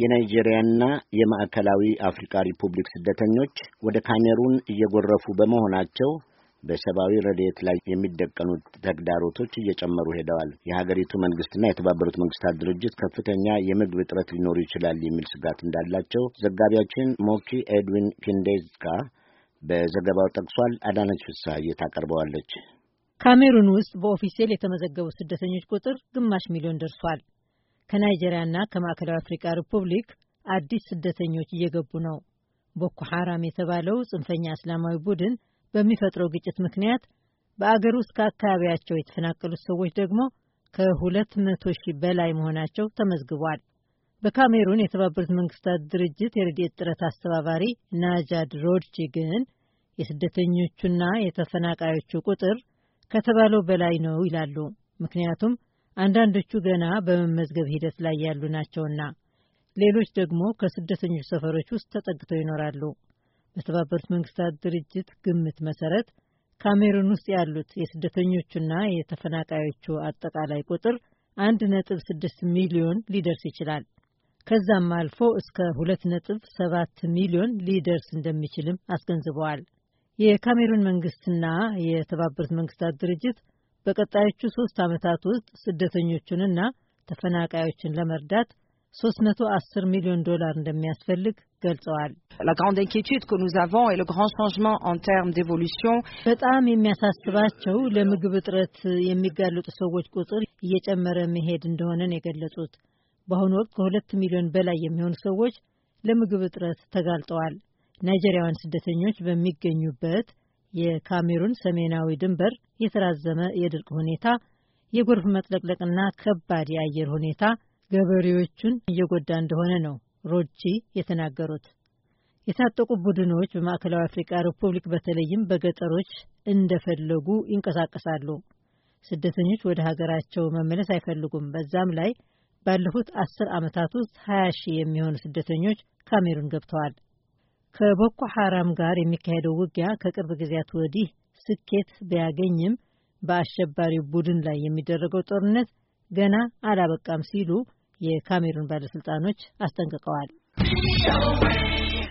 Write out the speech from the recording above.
የናይጄሪያና የማዕከላዊ አፍሪካ ሪፑብሊክ ስደተኞች ወደ ካሜሩን እየጎረፉ በመሆናቸው በሰብአዊ ረድኤት ላይ የሚደቀኑት ተግዳሮቶች እየጨመሩ ሄደዋል። የሀገሪቱ መንግስትና የተባበሩት መንግስታት ድርጅት ከፍተኛ የምግብ እጥረት ሊኖሩ ይችላል የሚል ስጋት እንዳላቸው ዘጋቢያችን ሞኪ ኤድዊን ኪንዴዝካ በዘገባው ጠቅሷል። አዳነች ፍስሐዬ ታቀርበዋለች። ካሜሩን ውስጥ በኦፊሴል የተመዘገቡ ስደተኞች ቁጥር ግማሽ ሚሊዮን ደርሷል። ከናይጄሪያና ከማዕከላዊ አፍሪካ ሪፑብሊክ አዲስ ስደተኞች እየገቡ ነው። ቦኮ ሐራም የተባለው ጽንፈኛ እስላማዊ ቡድን በሚፈጥረው ግጭት ምክንያት በአገር ውስጥ ከአካባቢያቸው የተፈናቀሉት ሰዎች ደግሞ ከ መቶ ሺህ በላይ መሆናቸው ተመዝግቧል። በካሜሩን የተባበሩት መንግስታት ድርጅት የረድኤት ጥረት አስተባባሪ ናጃድ ሮድቺ ግን የስደተኞቹና የተፈናቃዮቹ ቁጥር ከተባለው በላይ ነው ይላሉ። ምክንያቱም አንዳንዶቹ ገና በመመዝገብ ሂደት ላይ ያሉ ናቸውና፣ ሌሎች ደግሞ ከስደተኞች ሰፈሮች ውስጥ ተጠግተው ይኖራሉ። በተባበሩት መንግስታት ድርጅት ግምት መሰረት ካሜሩን ውስጥ ያሉት የስደተኞቹና የተፈናቃዮቹ አጠቃላይ ቁጥር አንድ ስድስት ሚሊዮን ሊደርስ ይችላል። ከዛም አልፎ እስከ ነጥብ ሰባት ሚሊዮን ሊደርስ እንደሚችልም አስገንዝበዋል። የካሜሩን መንግስትና የተባበሩት መንግስታት ድርጅት በቀጣዮቹ ሶስት ዓመታት ውስጥ ስደተኞቹንና ተፈናቃዮችን ለመርዳት 310 ሚሊዮን ዶላር እንደሚያስፈልግ ገልጸዋል። በጣም የሚያሳስባቸው ለምግብ እጥረት የሚጋለጡ ሰዎች ቁጥር እየጨመረ መሄድ እንደሆነ ነው የገለጹት። በአሁኑ ወቅት ከሁለት ሚሊዮን በላይ የሚሆኑ ሰዎች ለምግብ እጥረት ተጋልጠዋል። ናይጄሪያውያን ስደተኞች በሚገኙበት የካሜሩን ሰሜናዊ ድንበር የተራዘመ የድርቅ ሁኔታ፣ የጎርፍ መጥለቅለቅና ከባድ የአየር ሁኔታ ገበሬዎቹን እየጎዳ እንደሆነ ነው ሮጂ የተናገሩት። የታጠቁ ቡድኖች በማዕከላዊ አፍሪቃ ሪፑብሊክ በተለይም በገጠሮች እንደፈለጉ ይንቀሳቀሳሉ። ስደተኞች ወደ ሀገራቸው መመለስ አይፈልጉም። በዛም ላይ ባለፉት አስር ዓመታት ውስጥ ሀያ ሺህ የሚሆኑ ስደተኞች ካሜሩን ገብተዋል። ከቦኮ ሐራም ጋር የሚካሄደው ውጊያ ከቅርብ ጊዜያት ወዲህ ስኬት ቢያገኝም በአሸባሪ ቡድን ላይ የሚደረገው ጦርነት ገና አላበቃም ሲሉ የካሜሩን ባለስልጣኖች አስጠንቅቀዋል።